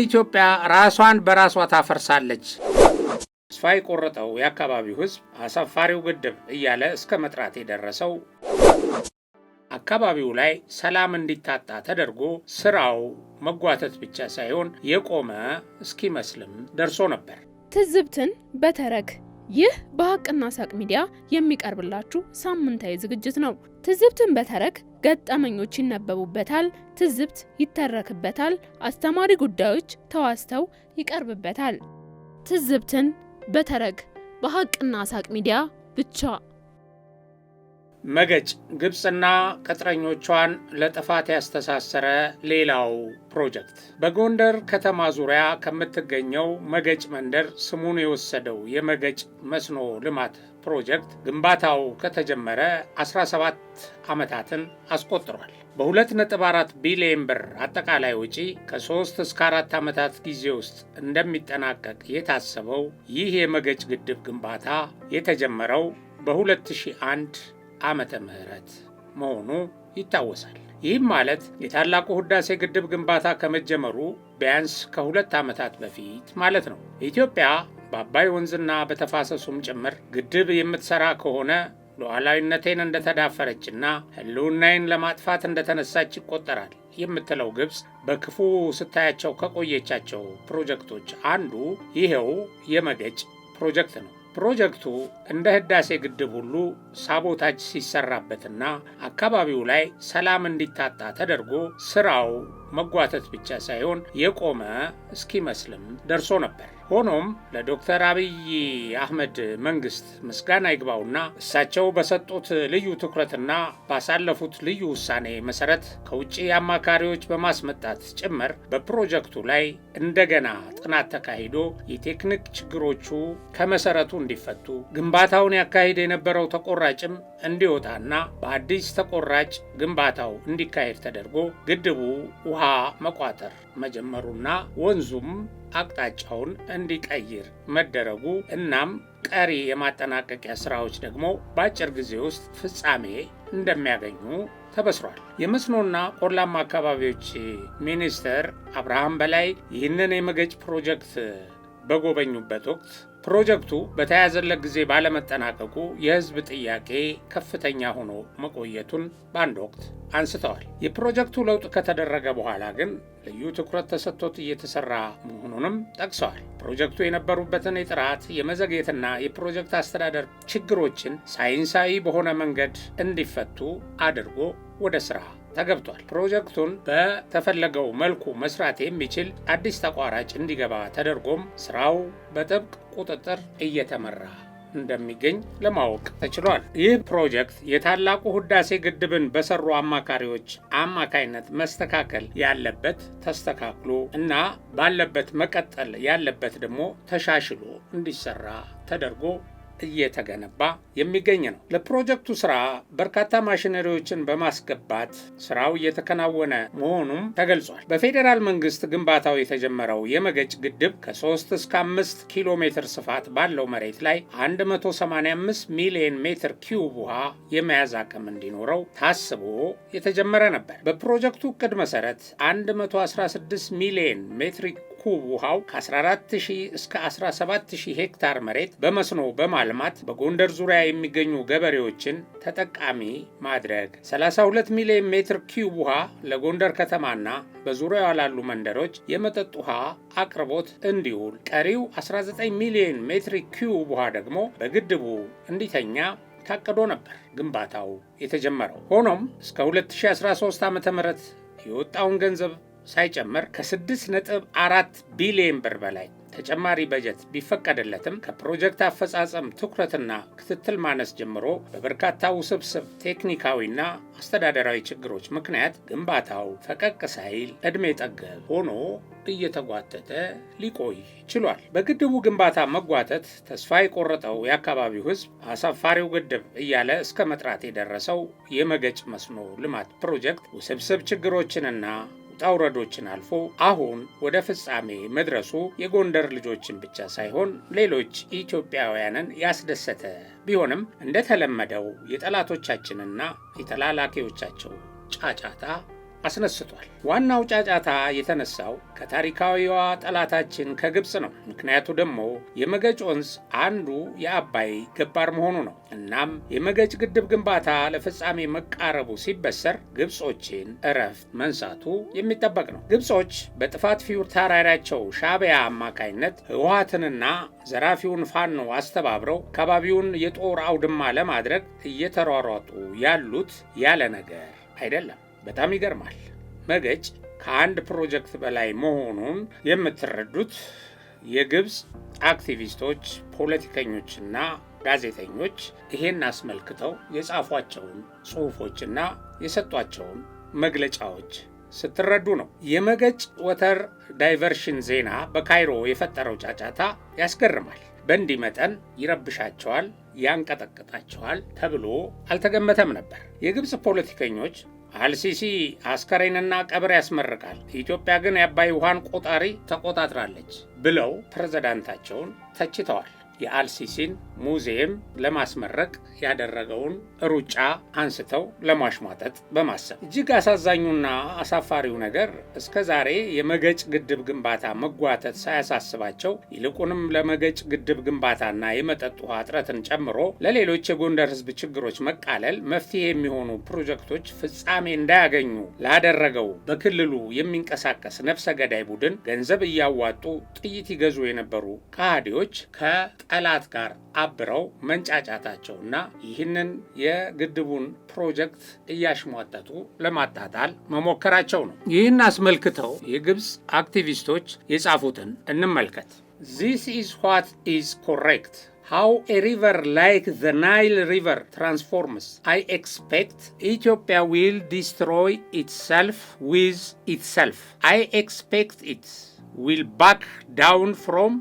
ኢትዮጵያ ራሷን በራሷ ታፈርሳለች። ተስፋ የቆረጠው የአካባቢው ህዝብ አሳፋሪው ግድብ እያለ እስከ መጥራት የደረሰው አካባቢው ላይ ሰላም እንዲታጣ ተደርጎ ስራው መጓተት ብቻ ሳይሆን የቆመ እስኪመስልም ደርሶ ነበር። ትዝብትን በተረክ ይህ በሀቅና ሳቅ ሚዲያ የሚቀርብላችሁ ሳምንታዊ ዝግጅት ነው። ትዝብትን በተረክ ገጠመኞች ይነበቡበታል፣ ትዝብት ይተረክበታል፣ አስተማሪ ጉዳዮች ተዋስተው ይቀርብበታል። ትዝብትን በተረክ በሀቅና ሳቅ ሚዲያ ብቻ መገጭ ግብፅና ቅጥረኞቿን ለጥፋት ያስተሳሰረ ሌላው ፕሮጀክት በጎንደር ከተማ ዙሪያ ከምትገኘው መገጭ መንደር ስሙን የወሰደው የመገጭ መስኖ ልማት ፕሮጀክት ግንባታው ከተጀመረ 17 ዓመታትን አስቆጥሯል። በ2.4 ቢሊዮን ብር አጠቃላይ ወጪ ከ3 እስከ 4 ዓመታት ጊዜ ውስጥ እንደሚጠናቀቅ የታሰበው ይህ የመገጭ ግድብ ግንባታ የተጀመረው በ2001 ዓመተ ምህረት መሆኑ ይታወሳል። ይህም ማለት የታላቁ ህዳሴ ግድብ ግንባታ ከመጀመሩ ቢያንስ ከሁለት ዓመታት በፊት ማለት ነው። ኢትዮጵያ በአባይ ወንዝና በተፋሰሱም ጭምር ግድብ የምትሰራ ከሆነ ሉዓላዊነቴን እንደተዳፈረችና ህልውናዬን ለማጥፋት እንደተነሳች ይቆጠራል የምትለው ግብፅ በክፉ ስታያቸው ከቆየቻቸው ፕሮጀክቶች አንዱ ይኸው የመገጭ ፕሮጀክት ነው። ፕሮጀክቱ እንደ ህዳሴ ግድብ ሁሉ ሳቦታጅ ሲሰራበትና አካባቢው ላይ ሰላም እንዲታጣ ተደርጎ ስራው መጓተት ብቻ ሳይሆን የቆመ እስኪመስልም ደርሶ ነበር። ሆኖም ለዶክተር አብይ አህመድ መንግስት ምስጋና ይግባውና እሳቸው በሰጡት ልዩ ትኩረትና ባሳለፉት ልዩ ውሳኔ መሰረት ከውጭ አማካሪዎች በማስመጣት ጭምር በፕሮጀክቱ ላይ እንደገና ጥናት ተካሂዶ የቴክኒክ ችግሮቹ ከመሰረቱ እንዲፈቱ ግንባታውን ያካሂድ የነበረው ተቆራጭም እንዲወጣና በአዲስ ተቆራጭ ግንባታው እንዲካሄድ ተደርጎ ግድቡ ውሃ መቋጠር መጀመሩና ወንዙም አቅጣጫውን እንዲቀይር መደረጉ እናም ቀሪ የማጠናቀቂያ ስራዎች ደግሞ በአጭር ጊዜ ውስጥ ፍጻሜ እንደሚያገኙ ተበስሯል። የመስኖና ቆላማ አካባቢዎች ሚኒስትር አብርሃም በላይ ይህንን የመገጭ ፕሮጀክት በጎበኙበት ወቅት ፕሮጀክቱ በተያያዘለት ጊዜ ባለመጠናቀቁ የህዝብ ጥያቄ ከፍተኛ ሆኖ መቆየቱን በአንድ ወቅት አንስተዋል። የፕሮጀክቱ ለውጥ ከተደረገ በኋላ ግን ልዩ ትኩረት ተሰጥቶት እየተሰራ መሆኑንም ጠቅሰዋል። ፕሮጀክቱ የነበሩበትን የጥራት የመዘግየትና የፕሮጀክት አስተዳደር ችግሮችን ሳይንሳዊ በሆነ መንገድ እንዲፈቱ አድርጎ ወደ ስራ ተገብቷል። ፕሮጀክቱን በተፈለገው መልኩ መስራት የሚችል አዲስ ተቋራጭ እንዲገባ ተደርጎም ስራው በጥብቅ ቁጥጥር እየተመራ እንደሚገኝ ለማወቅ ተችሏል። ይህ ፕሮጀክት የታላቁ ህዳሴ ግድብን በሰሩ አማካሪዎች አማካይነት መስተካከል ያለበት ተስተካክሎ እና ባለበት መቀጠል ያለበት ደግሞ ተሻሽሎ እንዲሰራ ተደርጎ እየተገነባ የሚገኝ ነው። ለፕሮጀክቱ ስራ በርካታ ማሽነሪዎችን በማስገባት ስራው እየተከናወነ መሆኑም ተገልጿል። በፌዴራል መንግስት ግንባታው የተጀመረው የመገጭ ግድብ ከ3 እስከ 5 ኪሎ ሜትር ስፋት ባለው መሬት ላይ 185 ሚሊዮን ሜትር ኪዩብ ውሃ የመያዝ አቅም እንዲኖረው ታስቦ የተጀመረ ነበር። በፕሮጀክቱ እቅድ መሰረት 116 ሚሊዮን ሜትሪክ በኩብ ውሃው ከ14000 እስከ 17000 ሄክታር መሬት በመስኖ በማልማት በጎንደር ዙሪያ የሚገኙ ገበሬዎችን ተጠቃሚ ማድረግ፣ 32 ሚሊዮን ሜትር ኪዩብ ውሃ ለጎንደር ከተማና በዙሪያዋ ላሉ መንደሮች የመጠጥ ውሃ አቅርቦት እንዲውል፣ ቀሪው 19 ሚሊዮን ሜትር ኪዩብ ውሃ ደግሞ በግድቡ እንዲተኛ ታቅዶ ነበር ግንባታው የተጀመረው። ሆኖም እስከ 2013 ም የወጣውን ገንዘብ ሳይጨምር ከ6.4 ቢሊዮን ብር በላይ ተጨማሪ በጀት ቢፈቀድለትም ከፕሮጀክት አፈጻጸም ትኩረትና ክትትል ማነስ ጀምሮ በበርካታ ውስብስብ ቴክኒካዊና አስተዳደራዊ ችግሮች ምክንያት ግንባታው ፈቀቅ ሳይል ዕድሜ ጠገብ ሆኖ እየተጓተተ ሊቆይ ችሏል። በግድቡ ግንባታ መጓተት ተስፋ የቆረጠው የአካባቢው ሕዝብ አሳፋሪው ግድብ እያለ እስከ መጥራት የደረሰው የመገጭ መስኖ ልማት ፕሮጀክት ውስብስብ ችግሮችንና ውጣ ውረዶችን አልፎ አሁን ወደ ፍጻሜ መድረሱ የጎንደር ልጆችን ብቻ ሳይሆን ሌሎች ኢትዮጵያውያንን ያስደሰተ ቢሆንም እንደተለመደው የጠላቶቻችንና የተላላኪዎቻቸው ጫጫታ አስነስቷል። ዋናው ጫጫታ የተነሳው ከታሪካዊዋ ጠላታችን ከግብፅ ነው። ምክንያቱ ደግሞ የመገጭ ወንዝ አንዱ የአባይ ገባር መሆኑ ነው። እናም የመገጭ ግድብ ግንባታ ለፍጻሜ መቃረቡ ሲበሰር ግብጾችን እረፍት መንሳቱ የሚጠበቅ ነው። ግብጾች በጥፋት ፊውር ታራሪያቸው ሻቢያ አማካይነት ህወሓትንና ዘራፊውን ፋኖ አስተባብረው አካባቢውን የጦር አውድማ ለማድረግ እየተሯሯጡ ያሉት ያለ ነገር አይደለም። በጣም ይገርማል። መገጭ ከአንድ ፕሮጀክት በላይ መሆኑን የምትረዱት የግብፅ አክቲቪስቶች፣ ፖለቲከኞችና ጋዜጠኞች ይሄን አስመልክተው የጻፏቸውን ጽሑፎችና የሰጧቸውን መግለጫዎች ስትረዱ ነው። የመገጭ ወተር ዳይቨርሽን ዜና በካይሮ የፈጠረው ጫጫታ ያስገርማል። በእንዲህ መጠን ይረብሻቸዋል፣ ያንቀጠቅጣቸዋል ተብሎ አልተገመተም ነበር። የግብፅ ፖለቲከኞች አልሲሲ አስከሬንና ቀብር ያስመርቃል፣ ኢትዮጵያ ግን የአባይ ውሃን ቆጣሪ ተቆጣጥራለች ብለው ፕሬዝዳንታቸውን ተችተዋል። የአልሲሲን ሙዚየም ለማስመረቅ ያደረገውን ሩጫ አንስተው ለማሽሟጠጥ በማሰብ እጅግ አሳዛኙና አሳፋሪው ነገር እስከ ዛሬ የመገጭ ግድብ ግንባታ መጓተት ሳያሳስባቸው ይልቁንም ለመገጭ ግድብ ግንባታና የመጠጥ ውሃ እጥረትን ጨምሮ ለሌሎች የጎንደር ሕዝብ ችግሮች መቃለል መፍትሄ የሚሆኑ ፕሮጀክቶች ፍጻሜ እንዳያገኙ ላደረገው በክልሉ የሚንቀሳቀስ ነፍሰ ገዳይ ቡድን ገንዘብ እያዋጡ ጥይት ይገዙ የነበሩ ከሃዲዎች ከ ጠላት ጋር አብረው መንጫጫታቸውና ይህንን የግድቡን ፕሮጀክት እያሽሟጠጡ ለማጣጣል መሞከራቸው ነው። ይህን አስመልክተው የግብፅ አክቲቪስቶች የጻፉትን እንመልከት። ዚስ ኢዝ ዋት ኢዝ ኮሬክት ሃው ኤ ሪቨር ላይክ ዘ ናይል ሪቨር ትራንስፎርምስ አይ ኤክስፔክት ኢትዮጵያ ዊል ዲስትሮይ ኢትሰልፍ ዊዝ ኢትሰልፍ አይ ኤክስፔክት ኢት ዊል ባክ ዳውን ፍሮም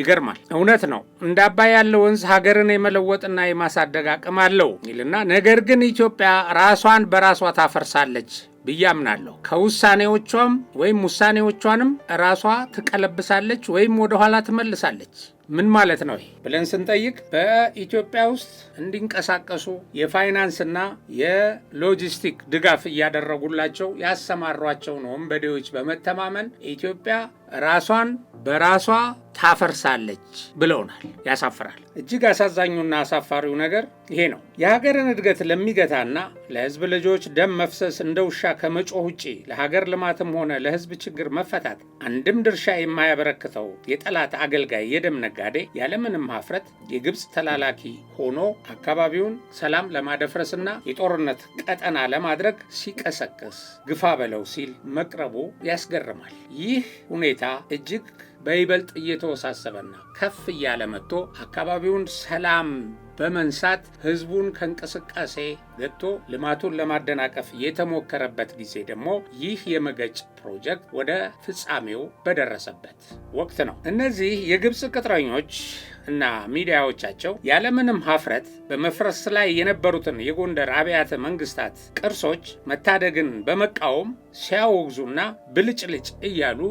ይገርማል። እውነት ነው እንደ አባይ ያለ ወንዝ ሀገርን የመለወጥና የማሳደግ አቅም አለው ይልና ነገር ግን ኢትዮጵያ ራሷን በራሷ ታፈርሳለች ብያምናለሁ አምናለሁ። ከውሳኔዎቿም ወይም ውሳኔዎቿንም ራሷ ትቀለብሳለች ወይም ወደኋላ ትመልሳለች። ምን ማለት ነው ብለን ስንጠይቅ በኢትዮጵያ ውስጥ እንዲንቀሳቀሱ የፋይናንስና የሎጂስቲክ ድጋፍ እያደረጉላቸው ያሰማሯቸው ነው ወንበዴዎች በመተማመን ኢትዮጵያ ራሷን በራሷ ታፈርሳለች ብለውናል። ያሳፍራል። እጅግ አሳዛኙና አሳፋሪው ነገር ይሄ ነው። የሀገርን እድገት ለሚገታና ለህዝብ ልጆች ደም መፍሰስ እንደ ውሻ ከመጮህ ውጪ ለሀገር ልማትም ሆነ ለህዝብ ችግር መፈታት አንድም ድርሻ የማያበረክተው የጠላት አገልጋይ የደም ነጋዴ ያለምንም ሀፍረት የግብፅ ተላላኪ ሆኖ አካባቢውን ሰላም ለማደፍረስና የጦርነት ቀጠና ለማድረግ ሲቀሰቅስ ግፋ በለው ሲል መቅረቡ ያስገርማል። ይህ ሁኔታ እጅግ በይበልጥ እየተወሳሰበና ከፍ እያለ መጥቶ አካባቢውን ሰላም በመንሳት ህዝቡን ከእንቅስቃሴ ገጥቶ ልማቱን ለማደናቀፍ የተሞከረበት ጊዜ ደግሞ ይህ የመገጭ ፕሮጀክት ወደ ፍጻሜው በደረሰበት ወቅት ነው። እነዚህ የግብፅ ቅጥረኞች እና ሚዲያዎቻቸው ያለምንም ሀፍረት በመፍረስ ላይ የነበሩትን የጎንደር አብያተ መንግስታት ቅርሶች መታደግን በመቃወም ሲያወግዙና ብልጭልጭ እያሉ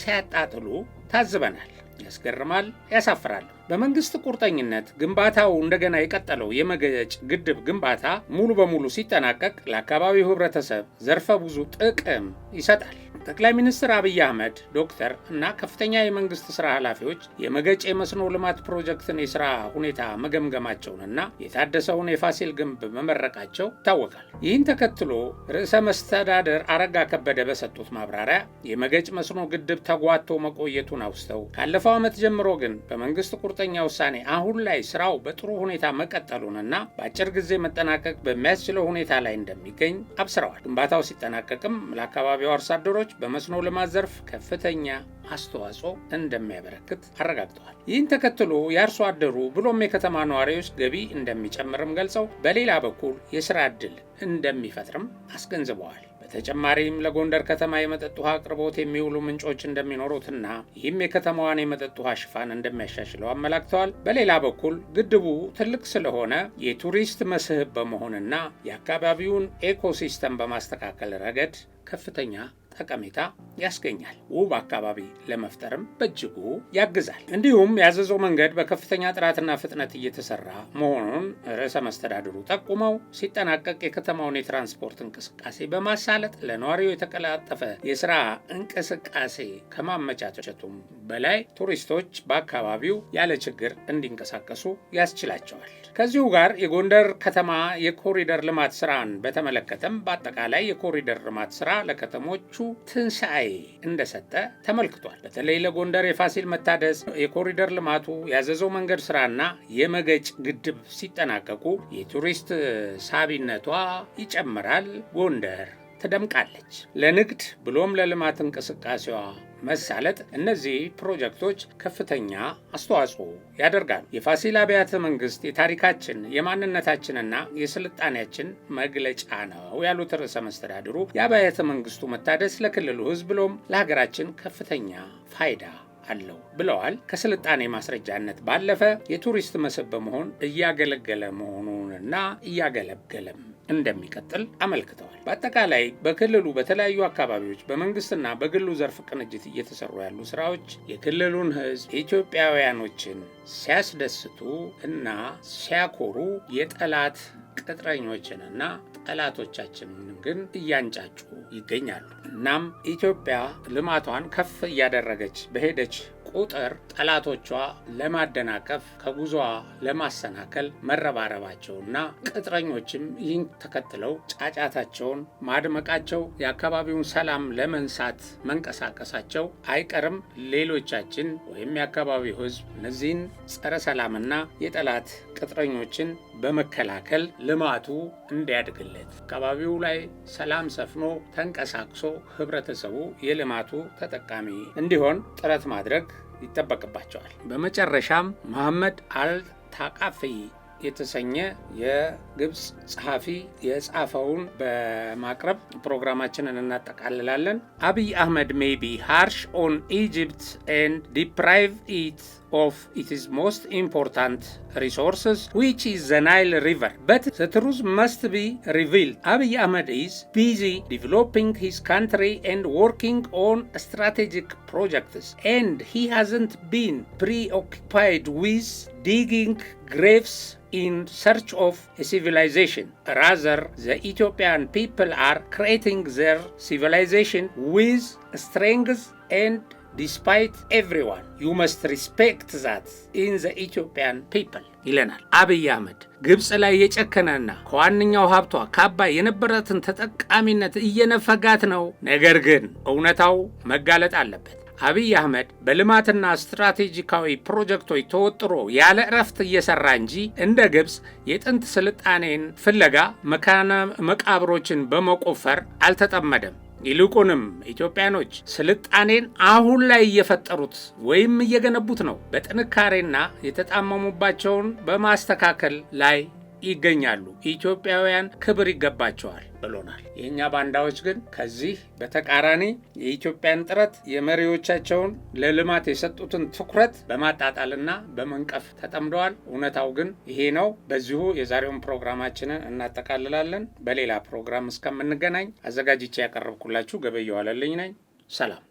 ሲያጣጥሉ ታዝበናል። ያስገርማል፣ ያሳፍራል። በመንግስት ቁርጠኝነት ግንባታው እንደገና የቀጠለው የመገጭ ግድብ ግንባታ ሙሉ በሙሉ ሲጠናቀቅ ለአካባቢው ህብረተሰብ ዘርፈ ብዙ ጥቅም ይሰጣል። ጠቅላይ ሚኒስትር አብይ አህመድ ዶክተር እና ከፍተኛ የመንግስት ስራ ኃላፊዎች የመገጭ የመስኖ ልማት ፕሮጀክትን የስራ ሁኔታ መገምገማቸውንና የታደሰውን የፋሲል ግንብ መመረቃቸው ይታወቃል። ይህን ተከትሎ ርዕሰ መስተዳደር አረጋ ከበደ በሰጡት ማብራሪያ የመገጭ መስኖ ግድብ ተጓቶ መቆየቱን አውስተው ካለፈው ዓመት ጀምሮ ግን በመንግስት ቁርጠኛ ውሳኔ አሁን ላይ ስራው በጥሩ ሁኔታ መቀጠሉንና በአጭር ጊዜ መጠናቀቅ በሚያስችለው ሁኔታ ላይ እንደሚገኝ አብስረዋል። ግንባታው ሲጠናቀቅም ለአካባቢው አርሶ አደሮች ችግሮች በመስኖ ልማት ዘርፍ ከፍተኛ አስተዋጽኦ እንደሚያበረክት አረጋግጠዋል። ይህን ተከትሎ የአርሶ አደሩ ብሎም የከተማ ነዋሪዎች ገቢ እንደሚጨምርም ገልጸው በሌላ በኩል የስራ ዕድል እንደሚፈጥርም አስገንዝበዋል። በተጨማሪም ለጎንደር ከተማ የመጠጥ ውሃ አቅርቦት የሚውሉ ምንጮች እንደሚኖሩትና ይህም የከተማዋን የመጠጥ ውሃ ሽፋን እንደሚያሻሽለው አመላክተዋል። በሌላ በኩል ግድቡ ትልቅ ስለሆነ የቱሪስት መስህብ በመሆንና የአካባቢውን ኤኮሲስተም በማስተካከል ረገድ ከፍተኛ ጠቀሜታ ያስገኛል። ውብ አካባቢ ለመፍጠርም በእጅጉ ያግዛል። እንዲሁም ያዘዘው መንገድ በከፍተኛ ጥራትና ፍጥነት እየተሰራ መሆኑን ርዕሰ መስተዳድሩ ጠቁመው ሲጠናቀቅ የከተማውን የትራንስፖርት እንቅስቃሴ በማሳለጥ ለነዋሪው የተቀላጠፈ የስራ እንቅስቃሴ ከማመቻቸቱም በላይ ቱሪስቶች በአካባቢው ያለ ችግር እንዲንቀሳቀሱ ያስችላቸዋል። ከዚሁ ጋር የጎንደር ከተማ የኮሪደር ልማት ስራን በተመለከተም በአጠቃላይ የኮሪደር ልማት ስራ ለከተሞቹ ትንሣኤ እንደሰጠ ተመልክቷል። በተለይ ለጎንደር የፋሲል መታደስ፣ የኮሪደር ልማቱ፣ ያዘዘው መንገድ ስራና የመገጭ ግድብ ሲጠናቀቁ የቱሪስት ሳቢነቷ ይጨምራል፣ ጎንደር ትደምቃለች። ለንግድ ብሎም ለልማት እንቅስቃሴዋ መሳለጥ እነዚህ ፕሮጀክቶች ከፍተኛ አስተዋጽኦ ያደርጋሉ። የፋሲል አብያተ መንግስት የታሪካችን የማንነታችንና የስልጣኔያችን መግለጫ ነው ያሉት ርዕሰ መስተዳድሩ የአብያተ መንግስቱ መታደስ ለክልሉ ህዝብ ብሎም ለሀገራችን ከፍተኛ ፋይዳ አለው ብለዋል። ከስልጣኔ ማስረጃነት ባለፈ የቱሪስት መስህብ በመሆን እያገለገለ መሆኑንና እያገለገለም እንደሚቀጥል አመልክተዋል። በአጠቃላይ በክልሉ በተለያዩ አካባቢዎች በመንግስትና በግሉ ዘርፍ ቅንጅት እየተሰሩ ያሉ ስራዎች የክልሉን ህዝብ ኢትዮጵያውያኖችን ሲያስደስቱ እና ሲያኮሩ የጠላት ቅጥረኞችንና ጠላቶቻችንን ግን እያንጫጩ ይገኛሉ። እናም ኢትዮጵያ ልማቷን ከፍ እያደረገች በሄደች ቁጥር ጠላቶቿ ለማደናቀፍ ከጉዞዋ ለማሰናከል መረባረባቸውና ቅጥረኞችም ይህን ተከትለው ጫጫታቸውን ማድመቃቸው የአካባቢውን ሰላም ለመንሳት መንቀሳቀሳቸው አይቀርም። ሌሎቻችን ወይም የአካባቢው ሕዝብ እነዚህን ጸረ ሰላምና የጠላት ቅጥረኞችን በመከላከል ልማቱ እንዲያድግለት አካባቢው ላይ ሰላም ሰፍኖ ተንቀሳቅሶ ህብረተሰቡ የልማቱ ተጠቃሚ እንዲሆን ጥረት ማድረግ ይጠበቅባቸዋል። በመጨረሻም መሐመድ አል ታቃፊ የተሰኘ የግብፅ ጸሐፊ የጻፈውን በማቅረብ ፕሮግራማችንን እናጠቃልላለን። አብይ አህመድ ሜይ ቢ ሃርሽ ኦን ኢጅፕት ኤንድ ዲፕራይቭ ኢት ኦፍ ኢትስ ሞስት ኢምፖርታንት ሪሶርስስ ዊች ኢዝ ዘ ናይል ሪቨር በት ዘ ትሩዝ መስት ቢ ሪቪልድ አብይ አህመድ ኢዝ ቢዚ ዲቨሎፒንግ ሂዝ ካንትሪ ኤንድ ወርኪንግ ኦን ስትራቴጂክ ፕሮጀክትስ ኤንድ ሂ ሃዝንት ቢን ፕሪኦኪፓይድ ዊዝ ዲጊንግ ግሬቭስ ኢን ሰርች ኦፍ ሲቪላይዜሽን ራዘር ዘ ኢትዮጵያን ፒፕል አር ክሬቲንግ ዘር ሲቪላይዜሽን ዊዝ ስትሬንግዝ ኤንድ ዲስፓይት ኤቭሪዋን ዩ መስት ሪስፔክት ዛት ኢን ዘ ኢትዮጵያን ፒፕል ይለናል አብይ አህመድ። ግብፅ ላይ የጨከነና ከዋነኛው ሀብቷ ከአባይ የነበራትን ተጠቃሚነት እየነፈጋት ነው። ነገር ግን እውነታው መጋለጥ አለበት። አብይ አህመድ በልማትና ስትራቴጂካዊ ፕሮጀክቶች ተወጥሮ ያለ እረፍት እየሰራ እንጂ እንደ ግብፅ የጥንት ስልጣኔን ፍለጋ መካነ መቃብሮችን በመቆፈር አልተጠመደም። ይልቁንም ኢትዮጵያኖች ስልጣኔን አሁን ላይ እየፈጠሩት ወይም እየገነቡት ነው። በጥንካሬና የተጣመሙባቸውን በማስተካከል ላይ ይገኛሉ። ኢትዮጵያውያን ክብር ይገባቸዋል ብሎናል። የእኛ ባንዳዎች ግን ከዚህ በተቃራኒ የኢትዮጵያን ጥረት የመሪዎቻቸውን ለልማት የሰጡትን ትኩረት በማጣጣልና በመንቀፍ ተጠምደዋል። እውነታው ግን ይሄ ነው። በዚሁ የዛሬውን ፕሮግራማችንን እናጠቃልላለን። በሌላ ፕሮግራም እስከምንገናኝ አዘጋጅቼ ያቀረብኩላችሁ ገበየሁ ነኝ። ሰላም።